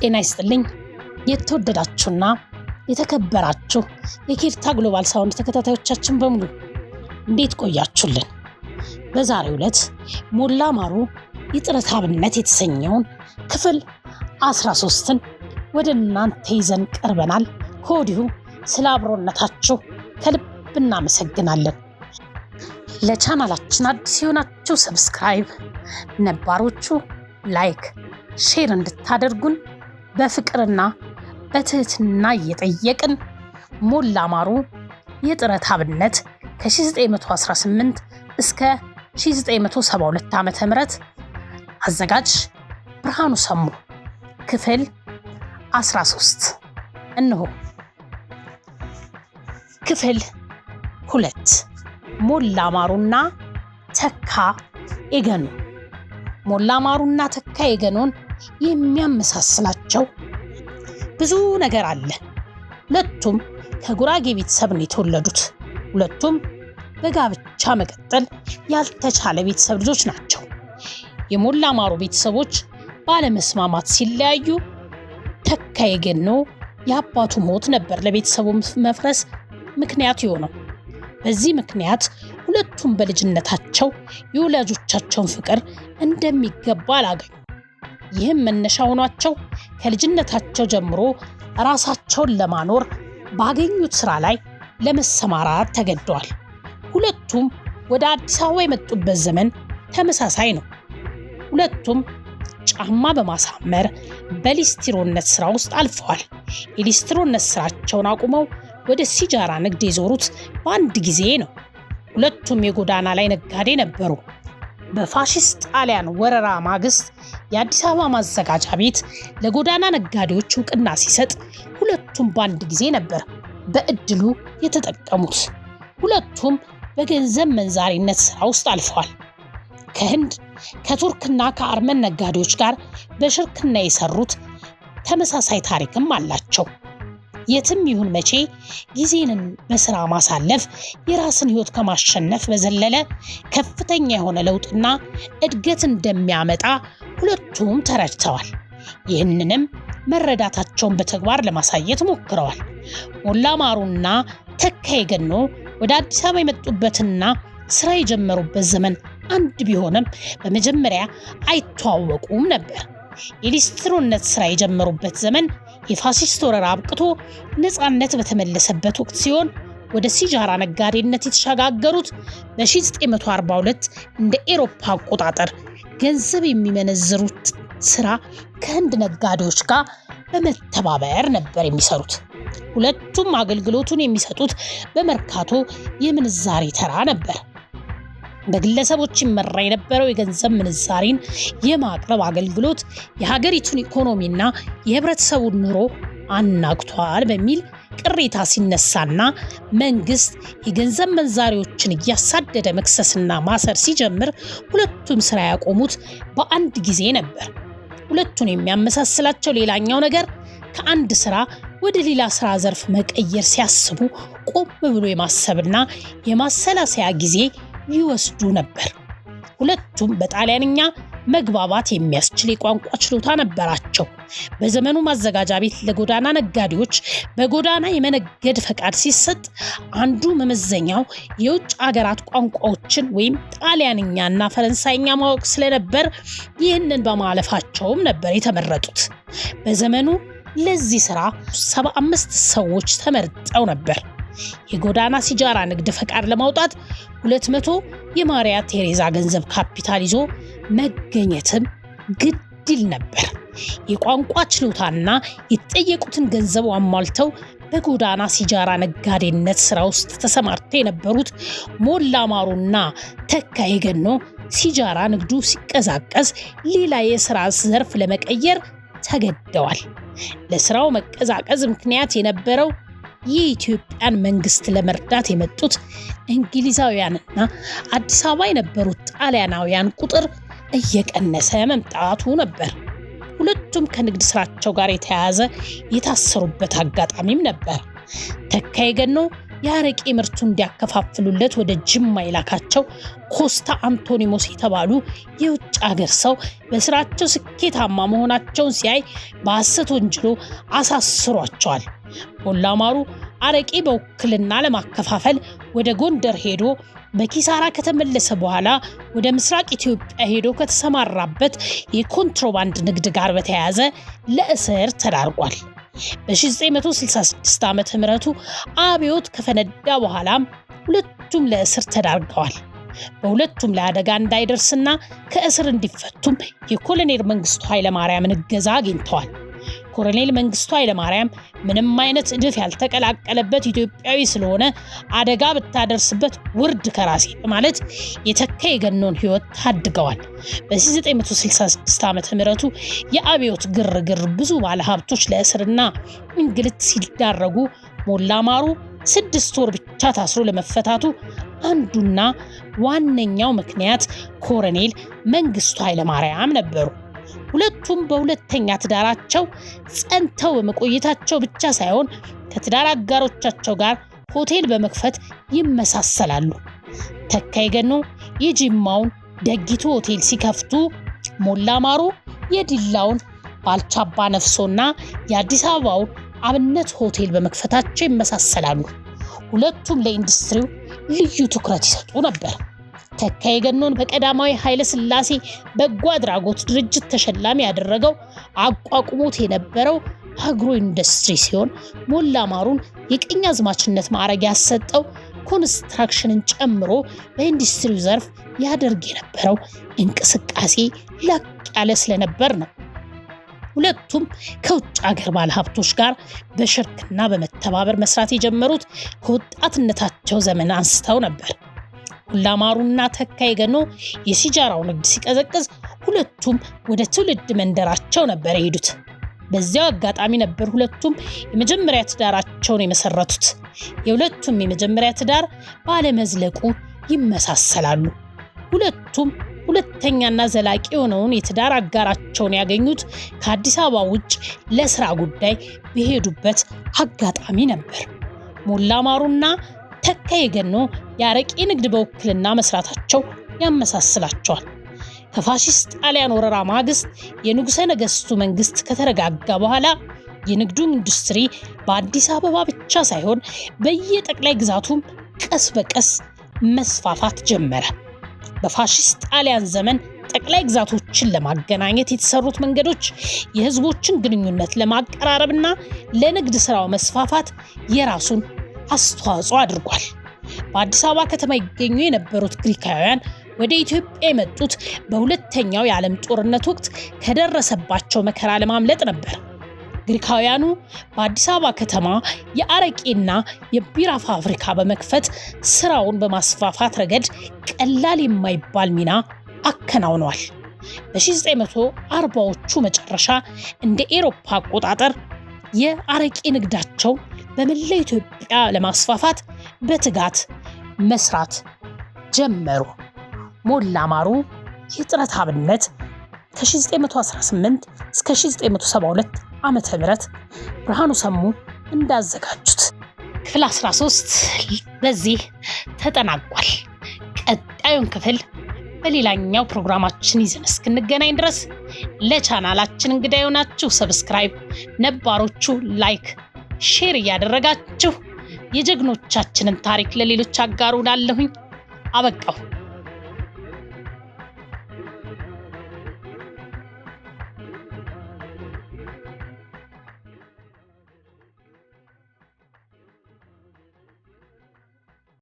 ጤና ይስጥልኝ የተወደዳችሁና የተከበራችሁ የኬርታ ግሎባል ሳውንድ ተከታታዮቻችን በሙሉ እንዴት ቆያችሁልን? በዛሬው ዕለት ሞላ ማሩ የጥረት አብነት የተሰኘውን ክፍል 13 ሶስትን ወደ እናንተ ይዘን ቀርበናል። ከወዲሁ ስለ አብሮነታችሁ ከልብ እናመሰግናለን። ለቻናላችን አዲስ የሆናችሁ ሰብስክራይብ፣ ነባሮቹ ላይክ፣ ሼር እንድታደርጉን በፍቅርና በትህትና እየጠየቅን ሞላ አማሩ የጥረት አብነት ከ1918 እስከ 1972 ዓ ም አዘጋጅ ብርሃኑ ሰሙ ክፍል 13 እንሆ። ክፍል ሁለት ሞላ አማሩና ተካ ኤገኑ ሞላ ማሩና ተካዬ ገኖን የሚያመሳስላቸው ብዙ ነገር አለ። ሁለቱም ከጉራጌ ቤተሰብ ነው የተወለዱት። ሁለቱም በጋብቻ መቀጠል ያልተቻለ ቤተሰብ ልጆች ናቸው። የሞላ ማሩ ቤተሰቦች ባለመስማማት ሲለያዩ ተካዬ ገኖ የአባቱ ሞት ነበር ለቤተሰቡ መፍረስ ምክንያት የሆነው። በዚህ ምክንያት ሁለቱም በልጅነታቸው የወላጆቻቸውን ፍቅር እንደሚገባ አላገኙ። ይህም መነሻ ሆኗቸው ከልጅነታቸው ጀምሮ ራሳቸውን ለማኖር ባገኙት ስራ ላይ ለመሰማራት ተገደዋል። ሁለቱም ወደ አዲስ አበባ የመጡበት ዘመን ተመሳሳይ ነው። ሁለቱም ጫማ በማሳመር በሊስትሮነት ስራ ውስጥ አልፈዋል። የሊስትሮነት ስራቸውን አቁመው ወደ ሲጃራ ንግድ የዞሩት በአንድ ጊዜ ነው። ሁለቱም የጎዳና ላይ ነጋዴ ነበሩ። በፋሽስት ጣሊያን ወረራ ማግስት የአዲስ አበባ ማዘጋጃ ቤት ለጎዳና ነጋዴዎች እውቅና ሲሰጥ ሁለቱም በአንድ ጊዜ ነበር በእድሉ የተጠቀሙት። ሁለቱም በገንዘብ መንዛሪነት ስራ ውስጥ አልፈዋል። ከህንድ ከቱርክና ከአርመን ነጋዴዎች ጋር በሽርክና የሰሩት ተመሳሳይ ታሪክም አላቸው። የትም ይሁን መቼ ጊዜንን በስራ ማሳለፍ የራስን ህይወት ከማሸነፍ በዘለለ ከፍተኛ የሆነ ለውጥና እድገት እንደሚያመጣ ሁለቱም ተረድተዋል። ይህንንም መረዳታቸውን በተግባር ለማሳየት ሞክረዋል። ሞላ ማሩና ተካዬ ገኖ ወደ አዲስ አበባ የመጡበትና ስራ የጀመሩበት ዘመን አንድ ቢሆንም በመጀመሪያ አይተዋወቁም ነበር። የሊስትሮነት ስራ የጀመሩበት ዘመን የፋሲስት ወረራ አብቅቶ ነፃነት በተመለሰበት ወቅት ሲሆን ወደ ሲጃራ ነጋዴነት የተሸጋገሩት በ1942 እንደ ኤሮፓ አቆጣጠር ገንዘብ የሚመነዝሩት ስራ ከህንድ ነጋዴዎች ጋር በመተባበር ነበር የሚሰሩት። ሁለቱም አገልግሎቱን የሚሰጡት በመርካቶ የምንዛሬ ተራ ነበር። በግለሰቦች ይመራ የነበረው የገንዘብ ምንዛሬን የማቅረብ አገልግሎት የሀገሪቱን ኢኮኖሚና የህብረተሰቡን ኑሮ አናግቷል በሚል ቅሬታ ሲነሳና መንግስት የገንዘብ ምንዛሬዎችን እያሳደደ መክሰስና ማሰር ሲጀምር ሁለቱም ስራ ያቆሙት በአንድ ጊዜ ነበር። ሁለቱን የሚያመሳስላቸው ሌላኛው ነገር ከአንድ ስራ ወደ ሌላ ስራ ዘርፍ መቀየር ሲያስቡ ቆም ብሎ የማሰብና የማሰላሰያ ጊዜ ይወስዱ ነበር። ሁለቱም በጣሊያንኛ መግባባት የሚያስችል የቋንቋ ችሎታ ነበራቸው። በዘመኑ ማዘጋጃ ቤት ለጎዳና ነጋዴዎች በጎዳና የመነገድ ፈቃድ ሲሰጥ አንዱ መመዘኛው የውጭ ሀገራት ቋንቋዎችን ወይም ጣሊያንኛና ፈረንሳይኛ ማወቅ ስለነበር ይህንን በማለፋቸውም ነበር የተመረጡት። በዘመኑ ለዚህ ስራ 75 ሰዎች ተመርጠው ነበር። የጎዳና ሲጃራ ንግድ ፈቃድ ለማውጣት 200 የማሪያ ቴሬዛ ገንዘብ ካፒታል ይዞ መገኘትም ግድ ይል ነበር። የቋንቋ ችሎታና የተጠየቁትን ገንዘብ አሟልተው በጎዳና ሲጃራ ነጋዴነት ስራ ውስጥ ተሰማርተው የነበሩት ሞላ ማሩና ተካ የገኖ ሲጃራ ንግዱ ሲቀዛቀዝ ሌላ የስራ ዘርፍ ለመቀየር ተገደዋል። ለስራው መቀዛቀዝ ምክንያት የነበረው የኢትዮጵያን መንግስት ለመርዳት የመጡት እንግሊዛውያንና አዲስ አበባ የነበሩት ጣሊያናውያን ቁጥር እየቀነሰ መምጣቱ ነበር። ሁለቱም ከንግድ ስራቸው ጋር የተያያዘ የታሰሩበት አጋጣሚም ነበር። ተካይ ገነው የአረቄ ምርቱ እንዲያከፋፍሉለት ወደ ጅማ የላካቸው ኮስታ አንቶኒሞስ የተባሉ የውጭ አገር ሰው በስራቸው ስኬታማ መሆናቸውን ሲያይ በሐሰት ወንጅሎ አሳስሯቸዋል። ሞላ አረቄ በውክልና ለማከፋፈል ወደ ጎንደር ሄዶ በኪሳራ ከተመለሰ በኋላ ወደ ምስራቅ ኢትዮጵያ ሄዶ ከተሰማራበት የኮንትሮባንድ ንግድ ጋር በተያያዘ ለእስር ተዳርጓል። በ1966 ዓ ምህረቱ አብዮት ከፈነዳ በኋላም ሁለቱም ለእስር ተዳርገዋል። በሁለቱም ለአደጋ እንዳይደርስና ከእስር እንዲፈቱም የኮሎኔል መንግስቱ ኃይለማርያምን እገዛ አግኝተዋል። ኮሎኔል መንግስቱ ኃይለማርያም ምንም አይነት እድፍ ያልተቀላቀለበት ኢትዮጵያዊ ስለሆነ አደጋ ብታደርስበት ውርድ ከራሴ በማለት የተካ የገኖን ህይወት ታድገዋል። በ1966 ዓ ምቱ የአብዮት ግርግር ብዙ ባለሀብቶች ለእስርና እንግልት ሲዳረጉ ሞላ ማሩ ስድስት ወር ብቻ ታስሮ ለመፈታቱ አንዱና ዋነኛው ምክንያት ኮረኔል መንግስቱ ኃይለማርያም ነበሩ። ሁለቱም በሁለተኛ ትዳራቸው ጸንተው በመቆየታቸው ብቻ ሳይሆን ከትዳር አጋሮቻቸው ጋር ሆቴል በመክፈት ይመሳሰላሉ። ተካይ ገኖ የጅማውን ደጊቱ ሆቴል ሲከፍቱ፣ ሞላ ማሩ የዲላውን ባልቻባ ነፍሶና የአዲስ አበባውን አብነት ሆቴል በመክፈታቸው ይመሳሰላሉ። ሁለቱም ለኢንዱስትሪው ልዩ ትኩረት ይሰጡ ነበር። ገኖን በቀዳማዊ ኃይለ ሥላሴ በጎ አድራጎት ድርጅት ተሸላሚ ያደረገው አቋቁሞት የነበረው አግሮ ኢንዱስትሪ ሲሆን ሞላ ማሩን አዝማችነት ማዕረግ ያሰጠው ኮንስትራክሽንን ጨምሮ በኢንዱስትሪው ዘርፍ ያደርግ የነበረው እንቅስቃሴ ላቅ ያለ ስለነበር ነው። ሁለቱም ከውጭ ሀገር ባለሀብቶች ጋር በሽርክና በመተባበር መስራት የጀመሩት ከወጣትነታቸው ዘመን አንስተው ነበር። ቱላማሩና ተካይ ገኖ የሲጃራው ንግድ ሲቀዘቅዝ ሁለቱም ወደ ትውልድ መንደራቸው ነበር የሄዱት። በዚያው አጋጣሚ ነበር ሁለቱም የመጀመሪያ ትዳራቸውን የመሰረቱት። የሁለቱም የመጀመሪያ ትዳር ባለመዝለቁ ይመሳሰላሉ። ሁለቱም ሁለተኛና ዘላቂ የሆነውን የትዳር አጋራቸውን ያገኙት ከአዲስ አበባ ውጭ ለስራ ጉዳይ በሄዱበት አጋጣሚ ነበር። ሞላ ማሩና ተከየ ገኖ የአረቄ ንግድ በውክልና መስራታቸው ያመሳስላቸዋል። ከፋሺስት ጣሊያን ወረራ ማግስት የንጉሠ ነገሥቱ መንግስት ከተረጋጋ በኋላ የንግዱ ኢንዱስትሪ በአዲስ አበባ ብቻ ሳይሆን በየጠቅላይ ግዛቱም ቀስ በቀስ መስፋፋት ጀመረ። በፋሺስት ጣሊያን ዘመን ጠቅላይ ግዛቶችን ለማገናኘት የተሰሩት መንገዶች የህዝቦችን ግንኙነት ለማቀራረብና ለንግድ ስራው መስፋፋት የራሱን አስተዋጽኦ አድርጓል። በአዲስ አበባ ከተማ ይገኙ የነበሩት ግሪካውያን ወደ ኢትዮጵያ የመጡት በሁለተኛው የዓለም ጦርነት ወቅት ከደረሰባቸው መከራ ለማምለጥ ነበር። ግሪካውያኑ በአዲስ አበባ ከተማ የአረቄና የቢራ ፋብሪካ በመክፈት ስራውን በማስፋፋት ረገድ ቀላል የማይባል ሚና አከናውነዋል። በ1940ዎቹ መጨረሻ እንደ ኤሮፓ አቆጣጠር የአረቄ ንግዳቸው በመላ ኢትዮጵያ ለማስፋፋት በትጋት መስራት ጀመሩ። ሞላ ማሩ የጥረት አብነት ከ1918 እስከ 1972 ዓመተ ምህረት ብርሃኑ ሰሙ እንዳዘጋጁት ክፍል 13 በዚህ ተጠናቋል። ቀጣዩን ክፍል በሌላኛው ፕሮግራማችን ይዘን እስክንገናኝ ድረስ ለቻናላችን እንግዳ የሆናችሁ ሰብስክራይብ፣ ነባሮቹ ላይክ ሼር እያደረጋችሁ የጀግኖቻችንን ታሪክ ለሌሎች ላለሁኝ አበቃሁ።